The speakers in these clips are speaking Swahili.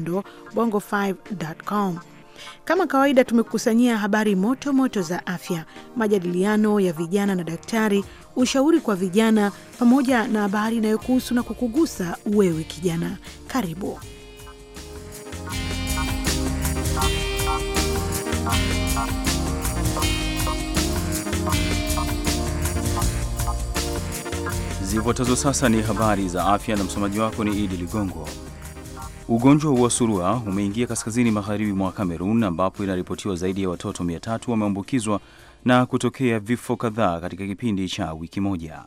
kando bongo5.com. Kama kawaida, tumekusanyia habari moto moto za afya, majadiliano ya vijana na daktari, ushauri kwa vijana, pamoja na habari inayokuhusu na kukugusa wewe kijana. Karibu. Zifuatazo sasa ni habari za afya na msomaji wako ni Idi Ligongo. Ugonjwa wa surua umeingia kaskazini magharibi mwa Kamerun ambapo inaripotiwa zaidi ya watoto 300 wameambukizwa na kutokea vifo kadhaa katika kipindi cha wiki moja.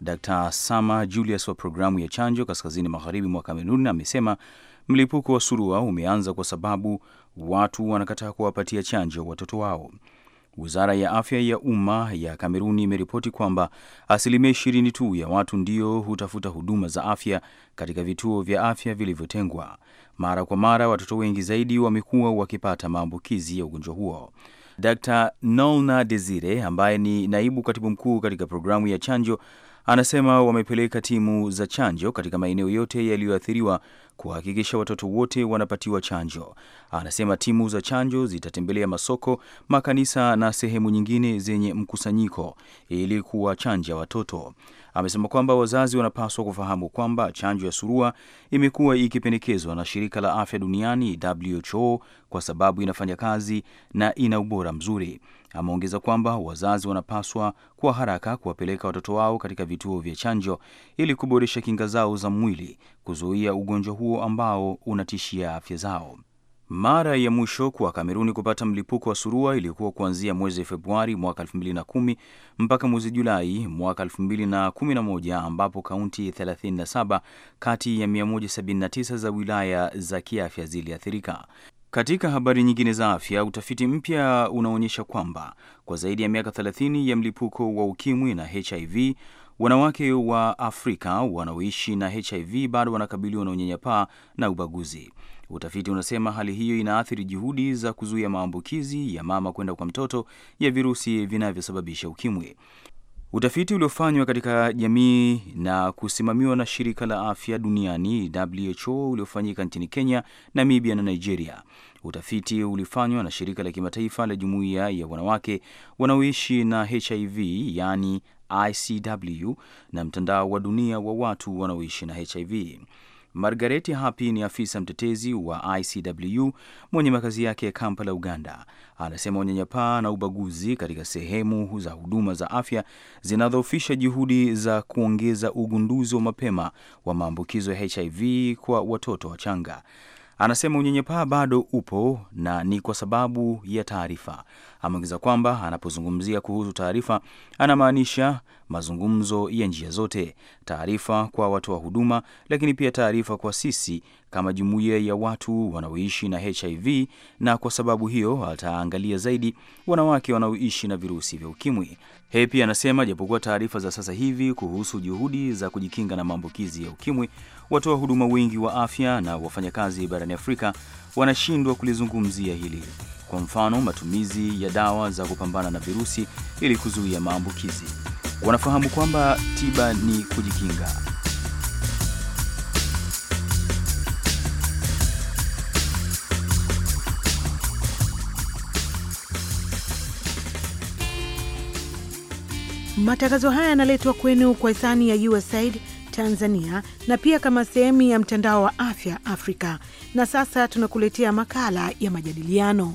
Dkt Sama Julius wa programu ya chanjo kaskazini magharibi mwa Kamerun amesema mlipuko wa surua umeanza kwa sababu watu wanakataa kuwapatia chanjo watoto wao. Wizara ya afya ya umma ya Kameruni imeripoti kwamba asilimia ishirini tu ya watu ndio hutafuta huduma za afya katika vituo vya afya vilivyotengwa. Mara kwa mara, watoto wengi zaidi wamekuwa wakipata maambukizi ya ugonjwa huo. Dr Nolna Desire ambaye ni naibu katibu mkuu katika programu ya chanjo Anasema wamepeleka timu za chanjo katika maeneo yote yaliyoathiriwa kuhakikisha watoto wote wanapatiwa chanjo. Anasema timu za chanjo zitatembelea masoko, makanisa na sehemu nyingine zenye mkusanyiko ili kuwachanja watoto amesema kwamba wazazi wanapaswa kufahamu kwamba chanjo ya surua imekuwa ikipendekezwa na shirika la afya duniani WHO kwa sababu inafanya kazi na ina ubora mzuri. Ameongeza kwamba wazazi wanapaswa kwa haraka kuwapeleka watoto wao katika vituo vya chanjo ili kuboresha kinga zao za mwili kuzuia ugonjwa huo ambao unatishia afya zao. Mara ya mwisho kwa Kameruni kupata mlipuko wa surua ilikuwa kuanzia mwezi Februari mwaka 2010 mpaka mwezi Julai mwaka 2011 ambapo kaunti 37 kati ya 179 za wilaya za kiafya ziliathirika. Katika habari nyingine za afya, utafiti mpya unaonyesha kwamba kwa zaidi ya miaka 30 ya mlipuko wa ukimwi na HIV wanawake wa Afrika wanaoishi na HIV bado wanakabiliwa na unyanyapaa na ubaguzi. Utafiti unasema hali hiyo inaathiri juhudi za kuzuia maambukizi ya mama kwenda kwa mtoto ya virusi vinavyosababisha ukimwi. Utafiti uliofanywa katika jamii na kusimamiwa na shirika la afya duniani WHO uliofanyika nchini Kenya, Namibia na Nigeria. Utafiti ulifanywa na shirika la kimataifa la jumuiya ya wanawake wanaoishi na HIV yaani ICW na mtandao wa dunia wa watu wanaoishi na HIV. Margareti Hapi ni afisa mtetezi wa ICW mwenye makazi yake ya Kampala, Uganda. Anasema unyanyapaa na ubaguzi katika sehemu za huduma za afya zinadhoofisha juhudi za kuongeza ugunduzi wa mapema wa maambukizo ya HIV kwa watoto wachanga. Anasema unyenyepaa bado upo na ni kwa sababu ya taarifa. Ameongeza kwamba anapozungumzia kuhusu taarifa, anamaanisha mazungumzo ya njia zote, taarifa kwa watoa wa huduma, lakini pia taarifa kwa sisi kama jumuiya ya watu wanaoishi na HIV, na kwa sababu hiyo ataangalia zaidi wanawake wanaoishi na virusi vya ukimwi. Yeye pia anasema japokuwa taarifa za sasa hivi kuhusu juhudi za kujikinga na maambukizi ya ukimwi watoa huduma wengi wa afya na wafanyakazi barani Afrika wanashindwa kulizungumzia hili. Kwa mfano, matumizi ya dawa za kupambana na virusi ili kuzuia maambukizi. Wanafahamu kwamba tiba ni kujikinga. Matangazo haya yanaletwa kwenu kwa hisani ya USAID Tanzania na pia kama sehemu ya mtandao wa afya Afrika. Na sasa tunakuletea makala ya majadiliano.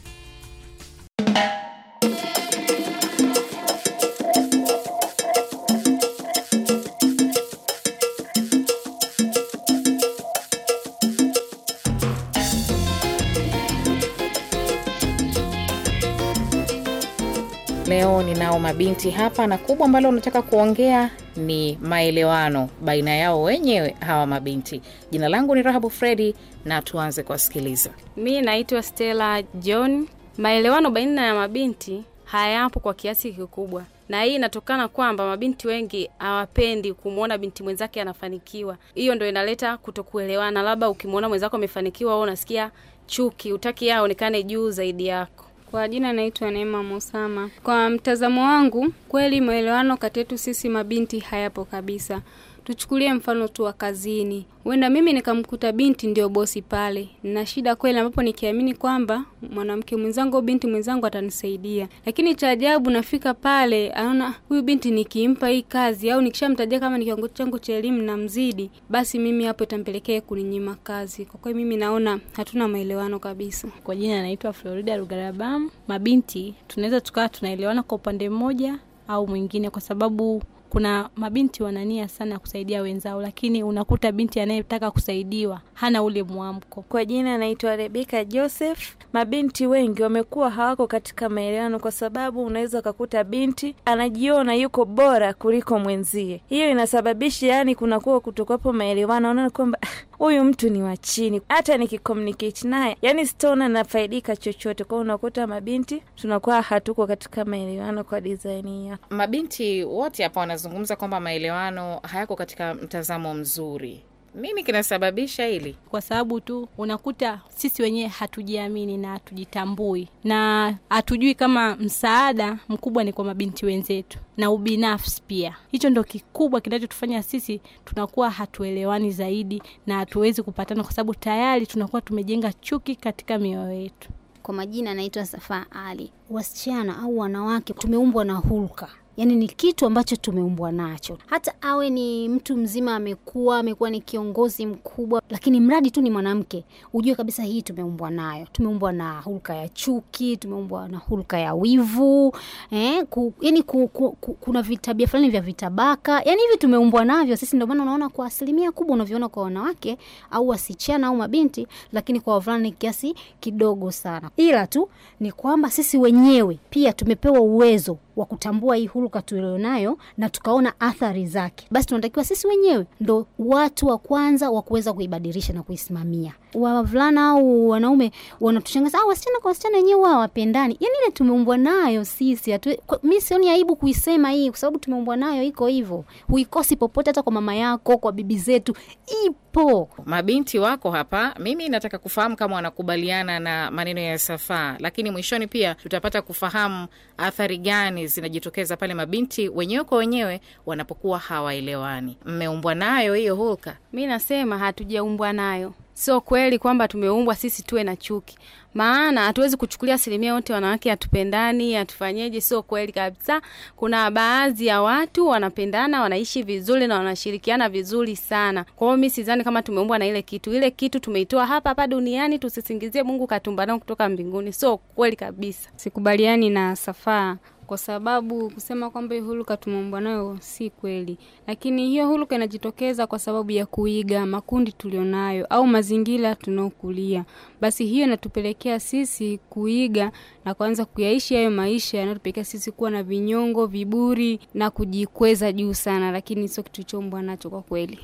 au mabinti hapa, na kubwa ambalo unataka kuongea ni maelewano baina yao wenyewe hawa mabinti. Jina langu ni Rahabu Fredi na tuanze kuwasikiliza. Mi naitwa Stella John. Maelewano baina ya mabinti hayapo kwa kiasi kikubwa, na hii inatokana kwamba mabinti wengi hawapendi kumwona binti mwenzake anafanikiwa. Hiyo ndo inaleta kutokuelewana. Labda ukimwona mwenzako amefanikiwa, unasikia chuki, utaki yeye aonekane juu zaidi yako. Kwa jina naitwa Neema Musama. Kwa mtazamo wangu, kweli maelewano kati yetu sisi mabinti hayapo kabisa. Tuchukulie mfano tu wa kazini, huenda mimi nikamkuta binti ndio bosi pale, na shida kweli, ambapo nikiamini kwamba mwanamke mwenzangu au binti mwenzangu atanisaidia. Lakini cha ajabu, nafika pale, anaona huyu binti nikimpa hii kazi au nikishamtajia kama ni kiwango changu cha elimu na mzidi, basi mimi hapo itampelekea kuninyima kazi. Kwa kweli, mimi naona hatuna maelewano kabisa. Kwa jina anaitwa Florida Rugarabamu. Mabinti tunaweza tukawa tunaelewana kwa upande mmoja au mwingine, kwa sababu kuna mabinti wanania sana kusaidia wenzao, lakini unakuta binti anayetaka kusaidiwa hana ule mwamko. Kwa jina anaitwa Rebeka Joseph. Mabinti wengi wamekuwa hawako katika maelewano, kwa sababu unaweza ukakuta binti anajiona yuko bora kuliko mwenzie. Hiyo inasababisha yani kunakuwa kutokapo maelewano, unaona kwamba huyu mtu ni wa chini, hata nikikomunicate naye yani sitaona nafaidika chochote kwao. Unakuta mabinti tunakuwa hatuko katika maelewano kwa design hiyo. Mabinti wote hapa unazungumza kwamba maelewano hayako katika mtazamo mzuri nini kinasababisha hili? Kwa sababu tu unakuta sisi wenyewe hatujiamini na hatujitambui na hatujui kama msaada mkubwa ni kwa mabinti wenzetu na ubinafsi pia. Hicho ndo kikubwa kinachotufanya sisi tunakuwa hatuelewani zaidi na hatuwezi kupatana, kwa sababu tayari tunakuwa tumejenga chuki katika mioyo yetu. Kwa majina anaitwa safaa Ali. Wasichana au wanawake tumeumbwa na hulka yani ni kitu ambacho tumeumbwa nacho. Hata awe ni mtu mzima, amekuwa amekuwa ni kiongozi mkubwa, lakini mradi tu ni mwanamke, ujue kabisa hii tumeumbwa nayo. Tumeumbwa na hulka ya chuki, tumeumbwa na hulka ya wivu eh, ku, yani ku, ku, ku, kuna vitabia fulani vya vitabaka, yani hivi tumeumbwa navyo sisi. Ndio maana unaona kwa asilimia kubwa unavyoona kwa wanawake au wasichana au mabinti, lakini kwa wavulana kiasi kidogo sana, ila tu ni kwamba sisi wenyewe pia tumepewa uwezo wa kutambua hii huruka tulionayo na tukaona athari zake, basi tunatakiwa sisi wenyewe ndo watu wa kwanza wa kuweza kuibadilisha na kuisimamia wavulana au wanaume wanatushangaza, ah, wasichana kwa wasichana wenyewe wao wapendani. Yani ile tumeumbwa nayo sisi. mi sioni aibu kuisema hii, kwa sababu tumeumbwa nayo, iko hivyo, huikosi popote, hata kwa mama yako, kwa bibi zetu ipo. Mabinti wako hapa, mimi nataka kufahamu kama wanakubaliana na maneno ya Safaa, lakini mwishoni pia tutapata kufahamu athari gani zinajitokeza pale mabinti wenyewe kwa wenyewe wanapokuwa hawaelewani. Mmeumbwa nayo hiyo hulka, mi nasema hatujaumbwa nayo sio kweli kwamba tumeumbwa sisi tuwe na chuki, maana hatuwezi kuchukulia asilimia yote wanawake hatupendani, hatufanyeje. Sio kweli kabisa. Kuna baadhi ya watu wanapendana, wanaishi vizuri na wanashirikiana vizuri sana. Kwa hiyo mi sidhani kama tumeumbwa na ile kitu. Ile kitu tumeitoa hapa hapa duniani, tusisingizie Mungu katumba nao kutoka mbinguni. Sio kweli kabisa, sikubaliani na Safaa kwa sababu kusema kwamba hiyo huluka tumeumbwa nayo si kweli, lakini hiyo huluka inajitokeza kwa sababu ya kuiga makundi tulionayo au mazingira tunaokulia. Basi hiyo inatupelekea sisi kuiga na kuanza kuyaishi hayo maisha yanayotupelekea sisi kuwa na vinyongo, viburi na kujikweza juu sana, lakini sio kitu chombwa nacho kwa kweli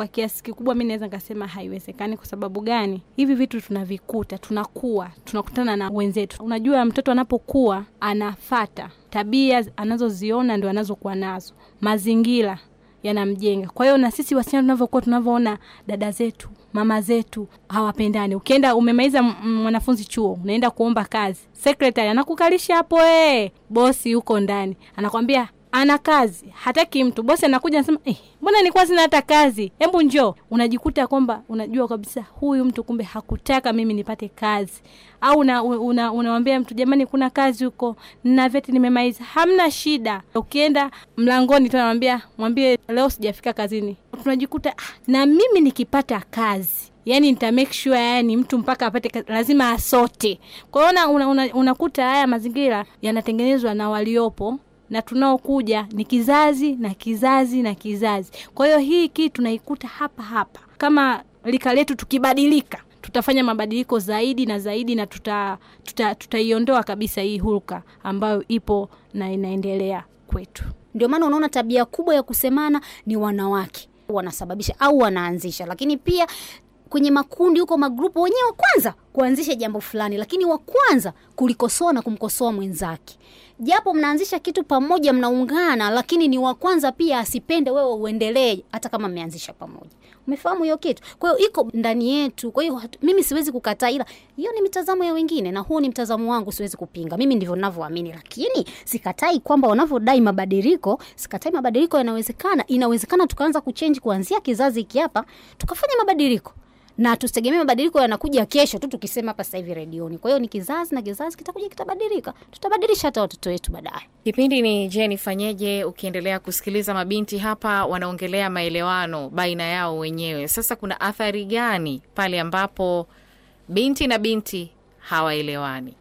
kwa kiasi kikubwa mi naweza nikasema haiwezekani. Kwa sababu gani? Hivi vitu tunavikuta, tunakuwa tunakutana na wenzetu. Unajua, mtoto anapokuwa anafata tabia anazoziona ndio anazokuwa nazo, mazingira yanamjenga. Kwa hiyo na sisi wasichana tunavyokuwa tunavyoona dada zetu mama zetu hawapendani. Ukienda umemaliza mwanafunzi chuo, unaenda kuomba kazi, sekretari anakukalisha hapo, ee, bosi yuko ndani anakwambia ana kazi, hataki mtu. Bosi anakuja anasema, eh, mbona nilikuwa sina hata kazi, hebu njo Unajikuta kwamba unajua kabisa huyu mtu kumbe hakutaka mimi nipate kazi, au una, una, una mtu jamani, kuna kazi huko na vyeti nimemaliza, hamna shida. Ukienda mlangoni tu anamwambia mwambie leo sijafika kazini. Tunajikuta ah, na mimi nikipata kazi yani nita make sure yani mtu mpaka apate lazima asote. Kwa hiyo unakuta una, una haya mazingira yanatengenezwa na waliopo na tunaokuja ni kizazi na kizazi na kizazi. Kwa hiyo hii kitu tunaikuta hapa hapa. Kama lika letu tukibadilika, tutafanya mabadiliko zaidi na zaidi, na tutaiondoa tuta, tuta kabisa hii hulka ambayo ipo na inaendelea kwetu. Ndio maana unaona tabia kubwa ya kusemana ni wanawake wanasababisha au wanaanzisha, lakini pia kwenye makundi huko magrupu wenyewe wa kwanza kuanzisha jambo fulani lakini wa kwanza kulikosoa na kumkosoa mwenzake japo mnaanzisha kitu pamoja mnaungana lakini ni wa kwanza pia asipende wewe uendelee hata kama mmeanzisha pamoja umefahamu hiyo kitu kwa hiyo iko ndani yetu kwa hiyo mimi siwezi kukataa ila hiyo ni mitazamo ya wengine na huo ni mtazamo wangu siwezi kupinga mimi ndivyo ninavyoamini lakini sikatai kwamba wanavyodai mabadiliko sikatai mabadiliko yanawezekana inawezekana tukaanza kuchenji kuanzia kizazi hiki hapa tukafanya mabadiliko na tusitegemee mabadiliko yanakuja kesho tu tukisema hapa sasa hivi redioni. Kwa hiyo ni kizazi na kizazi kitakuja kitabadilika, tutabadilisha hata watoto wetu baadaye. Kipindi ni Je Nifanyeje. Ukiendelea kusikiliza, mabinti hapa wanaongelea maelewano baina yao wenyewe. Sasa kuna athari gani pale ambapo binti na binti hawaelewani?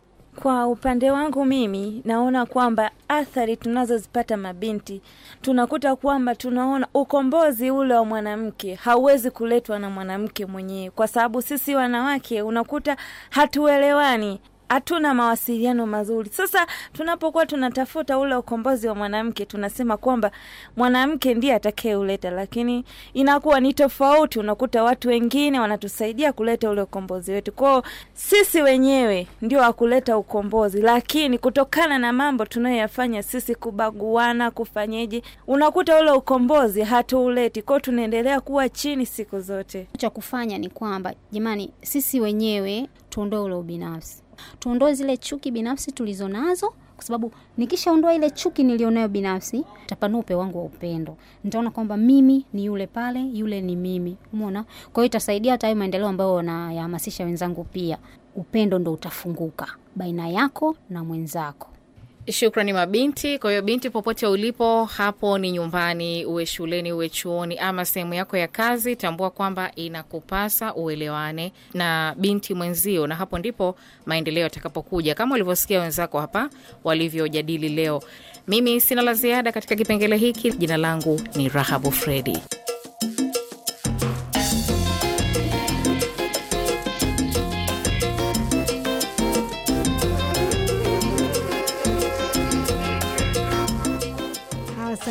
Kwa upande wangu mimi naona kwamba athari tunazozipata mabinti, tunakuta kwamba tunaona ukombozi ule wa mwanamke hauwezi kuletwa na mwanamke mwenyewe, kwa sababu sisi wanawake unakuta hatuelewani hatuna mawasiliano mazuri. Sasa tunapokuwa tunatafuta ule ukombozi wa mwanamke, tunasema kwamba mwanamke ndiye uleta lakini inakuwa ni tofauti. Unakuta watu wengine wanatusaidia kuleta ule ukombozi wetu. Kwao sisi wenyewe ndio wakuleta ukombozi, lakini kutokana na mambo tunayoyafanya sisi, kubaguana, kufanyeje, unakuta ule ukombozi hatuuleti. Kwao tunaendelea kuwa chini siku zote. Cha kufanya ni kwamba, jamani, sisi wenyewe tuondoe ule ubinafsi tuondoe zile chuki binafsi tulizonazo kwa sababu nikishaondoa ile chuki nilionayo binafsi, tapanua upe wangu wa upendo. Nitaona kwamba mimi ni yule pale, yule ni mimi, umeona. Kwa hiyo itasaidia hata hayo maendeleo ambayo wanayahamasisha wenzangu, pia upendo ndo utafunguka baina yako na mwenzako. Shukrani mabinti. Kwa hiyo binti, popote ulipo, hapo ni nyumbani, uwe shuleni, uwe chuoni, ama sehemu yako ya kazi, tambua kwamba inakupasa uelewane na binti mwenzio, na hapo ndipo maendeleo yatakapokuja, kama ulivyosikia wenzako hapa walivyojadili leo. Mimi sina la ziada katika kipengele hiki. Jina langu ni Rahabu Fredi.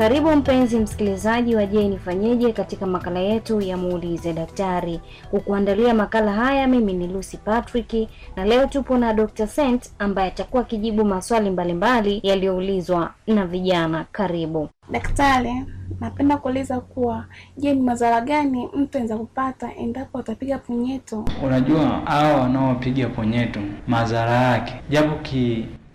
Karibu mpenzi msikilizaji wa Je, nifanyeje katika makala yetu ya muulize daktari. Kukuandalia makala haya mimi ni Lucy Patrick, na leo tupo na Dr. Sent ambaye atakuwa akijibu maswali mbalimbali yaliyoulizwa na vijana. Karibu daktari. Napenda kuuliza kuwa, je, ni madhara gani mtu anaweza kupata endapo atapiga punyeto? Unajua, hao wanaopiga punyeto madhara yake, japo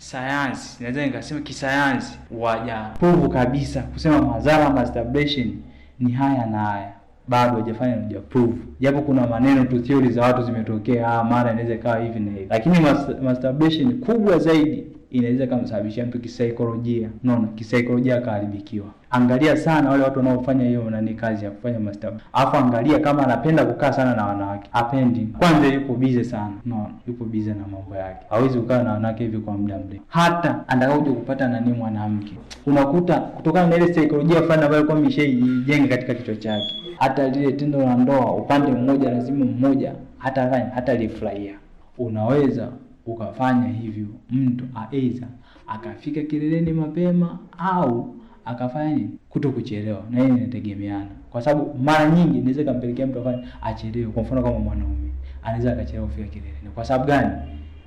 sayansi, naweza nikasema kisayansi, wajapovu kabisa kusema madhara masturbation ni haya na haya bado hajafanya na prove, japo kuna maneno tu theory za watu zimetokea, ah, mara inaweza ikawa hivi na hivi, lakini masturbation kubwa zaidi inaweza kumsababishia mtu kisaikolojia, unaona, kisaikolojia akaharibikiwa. Angalia sana wale watu wanaofanya hiyo nani kazi ya kufanya masturbation, alafu angalia kama anapenda kukaa sana na wanawake, apendi. Kwanza yupo bize sana, unaona, yupo bize na mambo yake, hawezi kukaa na wanawake hivi kwa muda mrefu. Hata atakaoje kupata nani mwanamke, unakuta kutokana na ile saikolojia fulani ambayo alikuwa ameshaijenga katika kichwa chake, hata lile tendo la ndoa upande mmoja lazima mmoja hata hata lifurahia. Unaweza ukafanya hivyo, mtu aidha akafika kileleni mapema au akafanya nini, kuto kuchelewa, na hiyo inategemeana, kwa sababu mara nyingi inaweza ikampelekea mtu afanye achelewe. Kwa mfano kama mwanaume anaweza akachelewa kufika kileleni. Kwa sababu gani?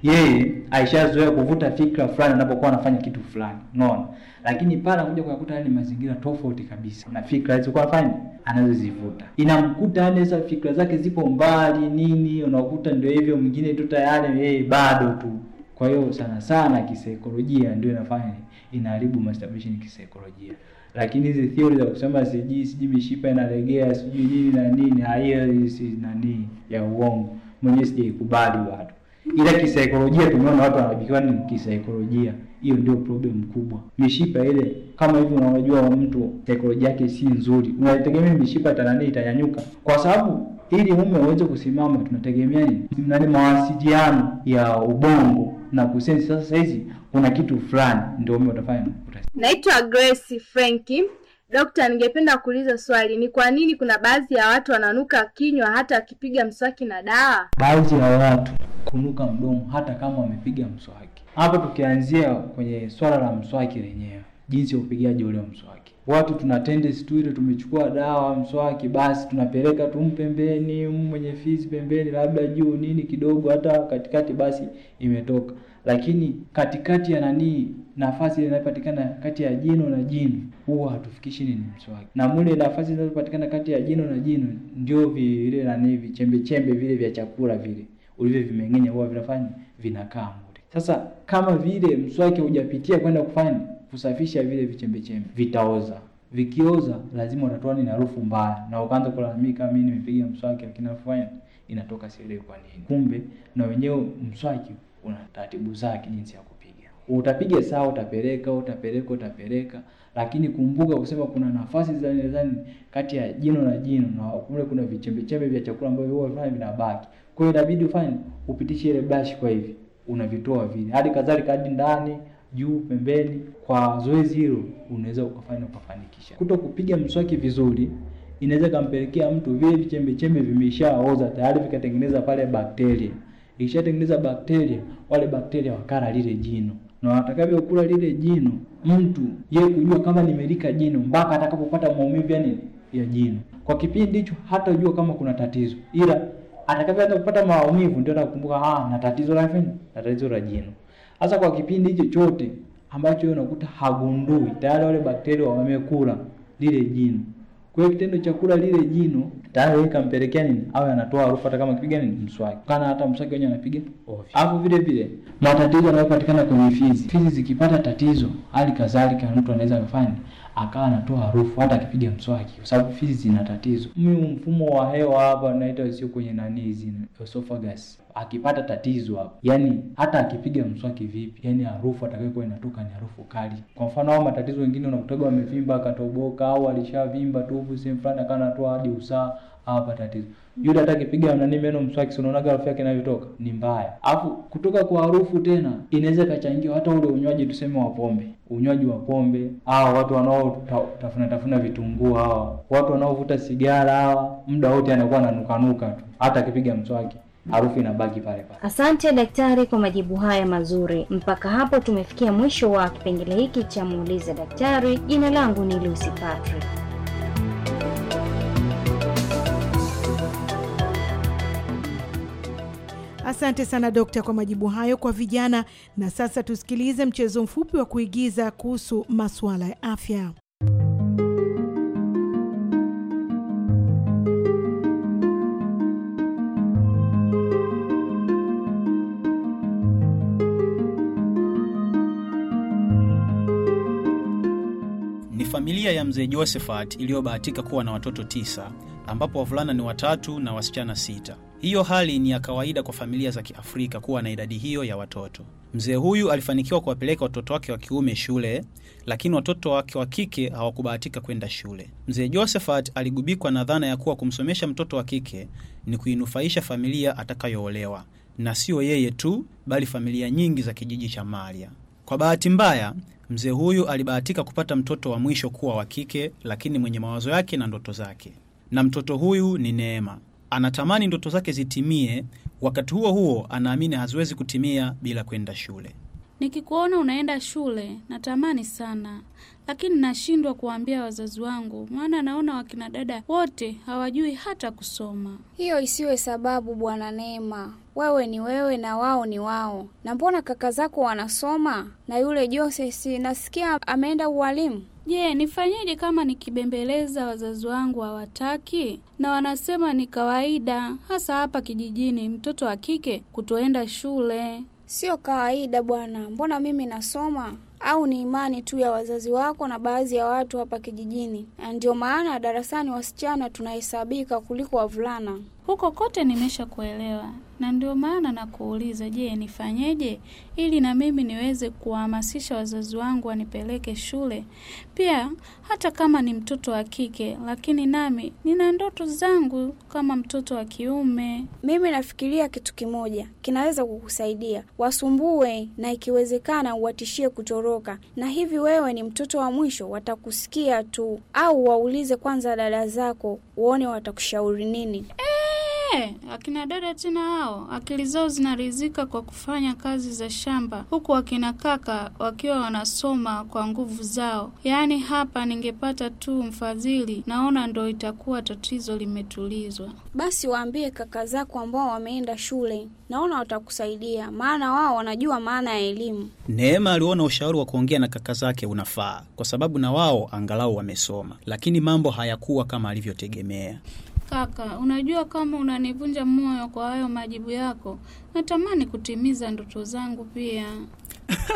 yeye aishazoea kuvuta fikra fulani anapokuwa anafanya kitu fulani, unaona. Lakini pale anakuja kuyakuta yale mazingira tofauti kabisa na fikra alizokuwa anafanya anazozivuta, inamkuta yani sasa fikra zake zipo mbali nini, unakuta ndio hivyo, mwingine tu tayari yeye eh, bado tu. Kwa hiyo sana sana kisaikolojia ndio inafanya inaharibu masturbation kisaikolojia. Lakini hizi theory za kusema sijui sijui mishipa inalegea sijui nini na nini, haiyo si nani ya uongo, mwenyewe sijaikubali bado ila kisaikolojia tumeona watu wanajikiwa ni kisaikolojia. Hiyo ndio problem kubwa. Mishipa ile kama hivyo, unajua mtu saikolojia yake si nzuri, unategemea mishipa tanani itanyanyuka, kwa sababu ili mume aweze kusimama tunategemea nini? Nani, mawasiliano ya ubongo na kusensi. Sasa hizi kuna kitu fulani ndio mume utafanya. Naitwa Grace Frankie. Dokta, ningependa kuuliza swali, ni kwa nini kuna baadhi ya watu wananuka kinywa hata wakipiga mswaki na dawa? Baadhi ya watu kunuka mdomo hata kama wamepiga mswaki. Hapo tukianzia kwenye swala la mswaki lenyewe, jinsi ya upigaji ule mswaki. Watu tuna tendency tu ile, tumechukua dawa mswaki, basi tunapeleka tu pembeni, mwenye fizi pembeni, labda juu nini kidogo, hata katikati, basi imetoka lakini katikati ya nani nafasi inayopatikana kati ya jino na jino huwa hatufikishi nini mswaki, na mule nafasi zinazopatikana kati ya jino na jino ndio vile nani vichembe chembe vile vya chakula vile ulivyo vimeng'enya huwa vinafanya vinakaa mule. Sasa kama vile mswaki hujapitia kwenda kufanya kusafisha vile vichembe chembe, vitaoza vikioza lazima utatoa ni harufu mbaya, na ukaanza kulalamika, mimi nimepiga mswaki lakini harufu inatoka sielewi kwa nini. Kumbe na wenyewe mswaki una taratibu zake jinsi ya kupiga. Utapiga sawa, utapeleka, utapeleka, utapeleka, lakini kumbuka kusema kuna nafasi za ndani kati ya jino na jino, na kule kuna vichembe chembe vya chakula ambavyo huwa vinafanya vinabaki. Kwa hiyo inabidi ufanye upitishe ile brush kwa hivi, unavitoa vile, hadi kadhalika, hadi ndani juu pembeni. Kwa zoezi hilo unaweza ukafanya ukafanikisha. Kuto kupiga mswaki vizuri inaweza kampelekea mtu vile vichembe chembe vimeshaoza tayari vikatengeneza pale bakteria ikishatengeneza bakteria, wale bakteria wakala lile jino na atakavyokula lile jino, mtu ye kujua kama limelika jino mpaka atakapopata maumivu yani ya jino. Kwa kipindi hicho hatajua kama kuna tatizo, ila atakavyoanza kupata maumivu ndio atakumbuka, ah, na tatizo la nini, na tatizo la jino. Sasa kwa kipindi hicho chote ambacho unakuta hagundui, tayari wale bakteria wamekula lile jino. Kwa hiyo kitendo cha kula lile jino tayari ikampelekea nini, awe anatoa harufu hata kama kipiga nini mswaki, kana hata mswaki wenyewe anapiga ovyo. Alafu vile vile matatizo yanayopatikana kwenye fizi, fizi zikipata tatizo, hali kadhalika mtu anaweza kufanya akawa anatoa harufu hata akipiga mswaki, kwa sababu fizi zina tatizo. Mfumo wa hewa hapa naita sio kwenye nani, hizi esophagus akipata tatizo hapo, yani hata akipiga mswaki vipi, yani harufu atakayokuwa inatoka ni harufu kali. Kwa mfano, hao matatizo wengine unakutaga wamevimba akatoboka, au alishavimba tu sehemu fulani akawa anatoa hadi usaa hawapa tatizo. Yule hata akipiga nani meno mswaki, si unaona harufu yake inavyotoka ni mbaya. Alafu kutoka kwa harufu tena inaweza ikachangiwa hata ule unywaji tuseme wa pombe, unywaji wa pombe hawa watu wanaotafuna tafuna vitunguu, hawa watu wanaovuta sigara, hawa muda wote anakuwa ananukanuka tu, hata akipiga mswaki harufu inabaki pale pale. Asante daktari kwa majibu haya mazuri. Mpaka hapo tumefikia mwisho wa kipengele hiki cha muulize daktari. Jina langu ni Lucy Patrick. Asante sana dokta kwa majibu hayo kwa vijana. Na sasa tusikilize mchezo mfupi wa kuigiza kuhusu masuala ya afya. Ni familia ya mzee Josephat iliyobahatika kuwa na watoto tisa, ambapo wavulana ni watatu na wasichana sita. Hiyo hali ni ya kawaida kwa familia za Kiafrika kuwa na idadi hiyo ya watoto. Mzee huyu alifanikiwa kuwapeleka watoto wake wa kiume shule, lakini watoto wake wa kike hawakubahatika kwenda shule. Mzee Josephat aligubikwa na dhana ya kuwa kumsomesha mtoto wa kike ni kuinufaisha familia atakayoolewa, na siyo yeye tu, bali familia nyingi za kijiji cha maria Kwa bahati mbaya, mzee huyu alibahatika kupata mtoto wa mwisho kuwa wa kike, lakini mwenye mawazo yake na ndoto zake, na mtoto huyu ni Neema anatamani ndoto zake zitimie, wakati huo huo anaamini haziwezi kutimia bila kwenda shule. Nikikuona unaenda shule natamani sana, lakini nashindwa kuwaambia wazazi wangu, maana naona wakina dada wote hawajui hata kusoma. Hiyo isiwe sababu, Bwana Neema. Wewe ni wewe na wao ni wao. Na mbona kaka zako wanasoma? Na yule Josesi nasikia ameenda ualimu. Je, nifanyeje kama nikibembeleza wazazi wangu hawataki na wanasema ni kawaida, hasa hapa kijijini, mtoto wa kike kutoenda shule? Sio kawaida bwana, mbona mimi nasoma au ni imani tu ya wazazi wako na baadhi ya watu hapa kijijini? Ndio maana darasani wasichana tunahesabika kuliko wavulana. Huko kote nimeshakuelewa, na ndio maana nakuuliza, je, nifanyeje ili na mimi niweze kuwahamasisha wazazi wangu wanipeleke shule? Pia hata kama ni mtoto wa kike, lakini nami nina ndoto zangu kama mtoto wa kiume. Mimi nafikiria kitu kimoja kinaweza kukusaidia, wasumbue na ikiwezekana uwatishie kutoroka, na hivi wewe ni mtoto wa mwisho, watakusikia tu. Au waulize kwanza dada zako, uone watakushauri nini. Eh! Eh, akina dada tena hao akili zao zinarizika kwa kufanya kazi za shamba, huku akina kaka wakiwa wanasoma kwa nguvu zao. Yaani hapa ningepata tu mfadhili, naona ndo itakuwa tatizo limetulizwa. Basi waambie kaka zako ambao wameenda shule, naona watakusaidia, maana wao wanajua maana ya elimu. Neema aliona ushauri wa kuongea na kaka zake unafaa, kwa sababu na wao angalau wamesoma, lakini mambo hayakuwa kama alivyotegemea. Kaka, unajua kama unanivunja moyo kwa hayo majibu yako. Natamani kutimiza ndoto zangu pia.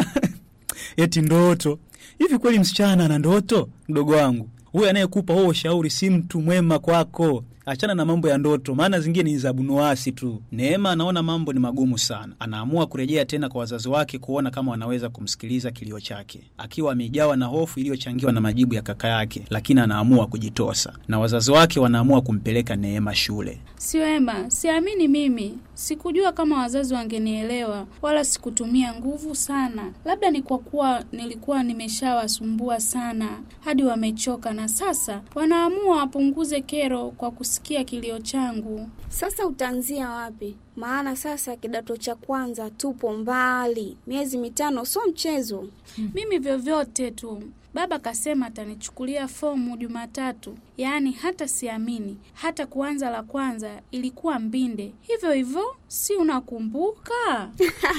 Eti ndoto? Hivi kweli msichana ana ndoto? Mdogo wangu, huyu anayekupa huo ushauri si mtu mwema kwako achana na mambo ya ndoto, maana zingine ni za bunuasi tu. Neema anaona mambo ni magumu sana, anaamua kurejea tena kwa wazazi wake kuona kama wanaweza kumsikiliza kilio chake, akiwa amejawa na hofu iliyochangiwa na majibu ya kaka yake, lakini anaamua kujitosa na wazazi wake wanaamua kumpeleka Neema shule. Siwema, siamini mimi, sikujua kama wazazi wangenielewa, wala sikutumia nguvu sana, labda ni kwa kuwa nilikuwa nimeshawasumbua sana hadi wamechoka, na sasa wanaamua wapunguze kero kwa kus kusikia kilio changu. Sasa utaanzia wapi? Maana sasa kidato cha kwanza, tupo mbali, miezi mitano sio mchezo. Hmm. Mimi vyovyote tu Baba kasema atanichukulia fomu Jumatatu, yaani hata siamini. Hata kuanza la kwanza ilikuwa Mbinde, hivyo hivyo, si unakumbuka?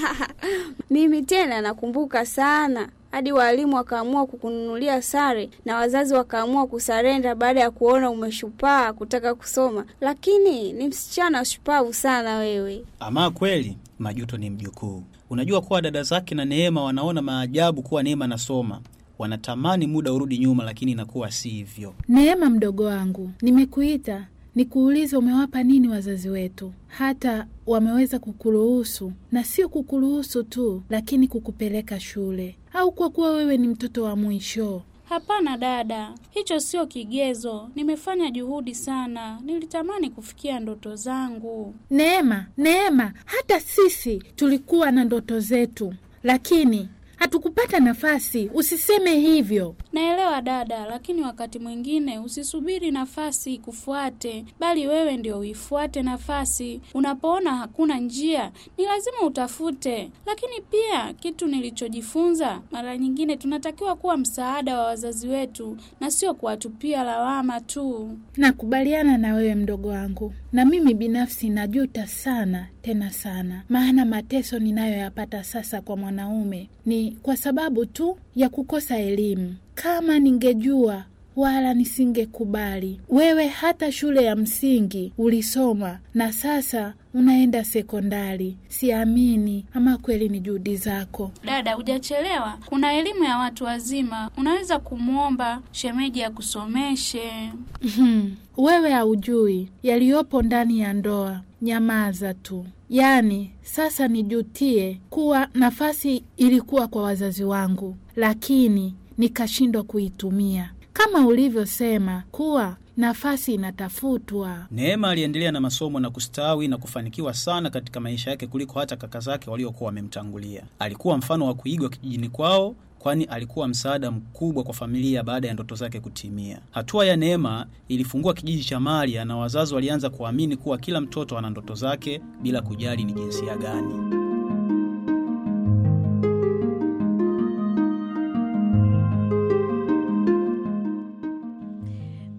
Mimi tena nakumbuka sana hadi walimu wakaamua kukununulia sare na wazazi wakaamua kusarenda baada ya kuona umeshupaa kutaka kusoma, lakini ni msichana shupavu sana wewe. Ama kweli majuto ni mjukuu. Unajua kuwa dada zake na Neema wanaona maajabu kuwa Neema anasoma wanatamani muda urudi nyuma, lakini inakuwa si hivyo. Neema mdogo wangu, nimekuita nikuulize, umewapa nini wazazi wetu hata wameweza kukuruhusu na sio kukuruhusu tu, lakini kukupeleka shule, au kwa kuwa wewe ni mtoto wa mwisho? Hapana dada, hicho sio kigezo. Nimefanya juhudi sana, nilitamani kufikia ndoto zangu. Neema, Neema, hata sisi tulikuwa na ndoto zetu, lakini hatukupata nafasi. Usiseme hivyo. Naelewa dada, lakini wakati mwingine usisubiri nafasi ikufuate, bali wewe ndio uifuate nafasi. Unapoona hakuna njia, ni lazima utafute. Lakini pia kitu nilichojifunza, mara nyingine tunatakiwa kuwa msaada wa wazazi wetu na sio kuwatupia lawama tu. Nakubaliana na wewe mdogo wangu, na mimi binafsi najuta sana tena sana, maana mateso ninayoyapata sasa kwa mwanaume ni kwa sababu tu ya kukosa elimu. Kama ningejua wala nisingekubali. Wewe hata shule ya msingi ulisoma na sasa unaenda sekondari. Siamini ama kweli ni juhudi zako. Dada, hujachelewa. Kuna elimu ya watu wazima, unaweza kumwomba shemeji akusomeshe. Wewe haujui yaliyopo ndani ya ndoa nyamaza tu. Yani, sasa nijutie kuwa nafasi ilikuwa kwa wazazi wangu, lakini nikashindwa kuitumia. Kama ulivyosema kuwa nafasi inatafutwa. Neema aliendelea na masomo na kustawi na kufanikiwa sana katika maisha yake kuliko hata kaka zake waliokuwa wamemtangulia. Alikuwa mfano wa kuigwa kijijini kwao kwani alikuwa msaada mkubwa kwa familia baada ya ndoto zake kutimia. Hatua ya Neema ilifungua kijiji cha Maria na wazazi walianza kuamini kuwa kila mtoto ana ndoto zake bila kujali ni jinsia gani.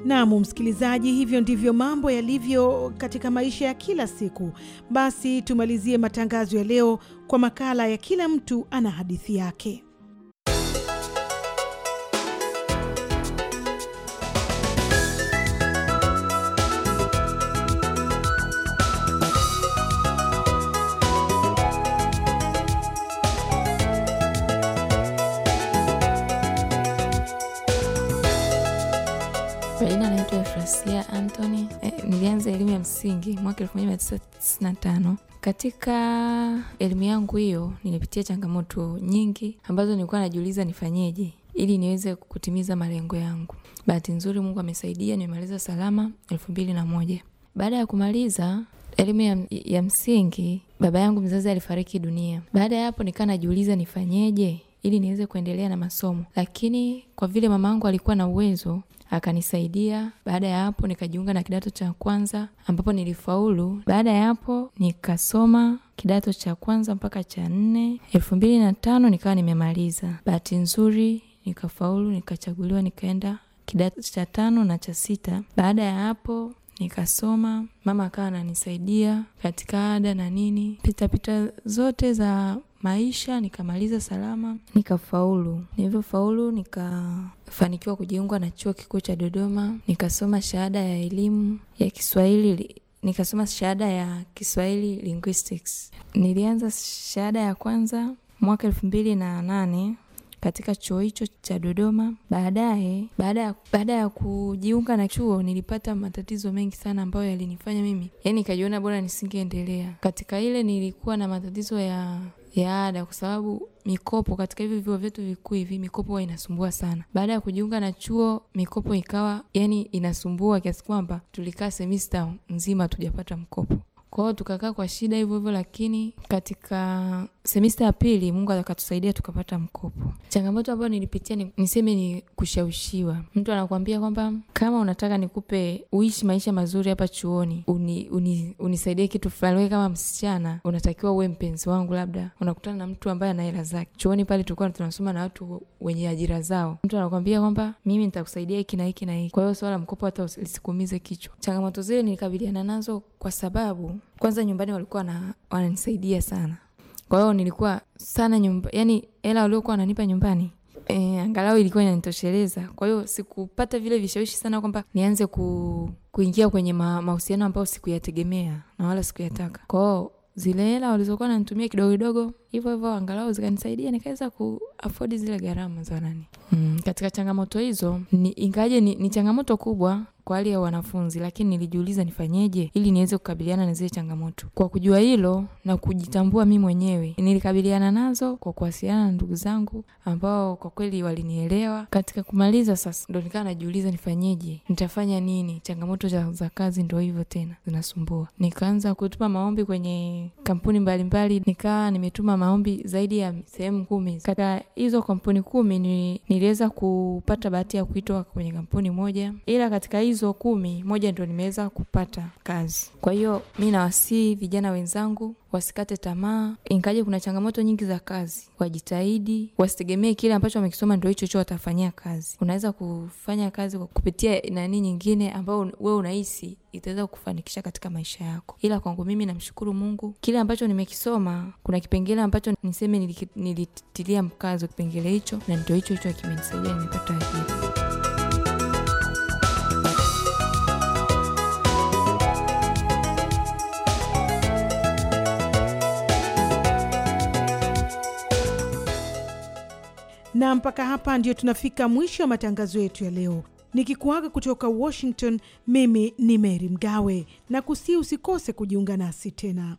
Naam, msikilizaji, hivyo ndivyo mambo yalivyo katika maisha ya kila siku. Basi tumalizie matangazo ya leo kwa makala ya kila mtu ana hadithi yake. mwaka 1995 katika elimu yangu hiyo nilipitia changamoto nyingi ambazo nilikuwa najiuliza nifanyeje ili niweze kutimiza malengo yangu. Bahati nzuri Mungu amesaidia, nimemaliza salama elfu mbili na moja. Baada ya kumaliza elimu ya, ya msingi, baba yangu mzazi alifariki dunia. Baada ya hapo nikaa najiuliza nifanyeje ili niweze kuendelea na masomo, lakini kwa vile mama yangu alikuwa na uwezo akanisaidia. Baada ya hapo nikajiunga na kidato cha kwanza ambapo nilifaulu. Baada ya hapo nikasoma kidato cha kwanza mpaka cha nne. elfu mbili na tano nikawa nimemaliza. Bahati nzuri nikafaulu, nikachaguliwa, nikaenda kidato cha tano na cha sita. Baada ya hapo nikasoma, mama akawa ananisaidia katika ada na nini, pitapita zote za maisha, nikamaliza salama, nikafaulu. Nilivyofaulu nikafanikiwa kujiunga na Chuo Kikuu cha Dodoma, nikasoma shahada ya elimu ya Kiswahili nikasoma shahada ya Kiswahili linguistics. Nilianza shahada ya kwanza mwaka elfu mbili na nane katika chuo hicho cha Dodoma. Baadaye, baada ya kujiunga na chuo, nilipata matatizo mengi sana ambayo yalinifanya mimi, yani nikajiona bora nisingeendelea katika ile. Nilikuwa na matatizo ya ya ada, kwa sababu mikopo katika hivi vyuo vyetu vikuu hivi mikopo huwa inasumbua sana. Baada ya kujiunga na chuo, mikopo ikawa yani inasumbua kiasi kwamba tulikaa semista nzima tujapata mkopo. Kwa hiyo tukakaa kwa shida hivyo hivyo, lakini katika semesta ya pili Mungu akatusaidia tukapata mkopo. Changamoto ambayo nilipitia ni, niseme ni kushawishiwa. Mtu anakuambia kwamba kama unataka nikupe uishi maisha mazuri hapa chuoni, uni, uni, unisaidie kitu fulani. we kama msichana unatakiwa uwe mpenzi wangu, labda unakutana na mtu ambaye ana hela zake. Chuoni pale tulikuwa tunasoma na watu wenye ajira zao, mtu anakuambia kwamba mimi nitakusaidia hiki na hiki na hiki. Kwa hiyo swala mkopo hata lisikuumize kichwa. Changamoto zile nilikabiliana nazo kwa sababu kwanza nyumbani walikuwa wananisaidia sana kwa hiyo nilikuwa sana nyumba, yani hela waliokuwa wananipa nyumbani e, angalau ilikuwa inanitosheleza. Kwa hiyo sikupata vile vishawishi sana kwamba nianze ku, kuingia kwenye ma, mahusiano ambayo sikuyategemea na wala sikuyataka. kwao zile hela walizokuwa nanitumia kidogo kidogo hivo hivo angalau zikanisaidia nikaweza kuafodi zile gharama za nani. Mm, katika changamoto hizo ni, ingaje ni, ni changamoto kubwa kwa hali ya wanafunzi, lakini nilijiuliza nifanyeje ili niweze kukabiliana na zile changamoto. Kwa kujua hilo na kujitambua mi mwenyewe, nilikabiliana nazo kwa kuwasiliana na ndugu zangu ambao kwa kweli walinielewa. Katika kumaliza sasa, ndo nikawa najiuliza nifanyeje, nitafanya nini? Changamoto za, za kazi ndo hivyo tena zinasumbua. Nikaanza kutuma maombi kwenye kampuni mbalimbali, nikawa nimetuma maombi zaidi ya sehemu kumi. Katika hizo kampuni kumi niliweza kupata bahati ya kuitwa kwenye kampuni moja, ila katika hizo hizo kumi, moja ndio nimeweza kupata kazi. Kwa hiyo mi nawasii vijana wenzangu wasikate tamaa, ingaje kuna changamoto nyingi za kazi. Wajitahidi, wasitegemee kile ambacho wamekisoma ndo hicho hicho watafanyia kazi. Unaweza kufanya kazi kupitia nani nyingine ambayo we unahisi itaweza kufanikisha katika maisha yako. Ila kwangu mimi namshukuru Mungu, kile ambacho nimekisoma, kuna kipengele ambacho niseme nilitilia mkazo kipengele hicho, na ndo hicho hicho kimenisaidia nimepata ajira. na mpaka hapa ndio tunafika mwisho wa matangazo yetu ya leo, nikikuaga kutoka Washington. Mimi ni Mary Mgawe na kusii, usikose kujiunga nasi tena.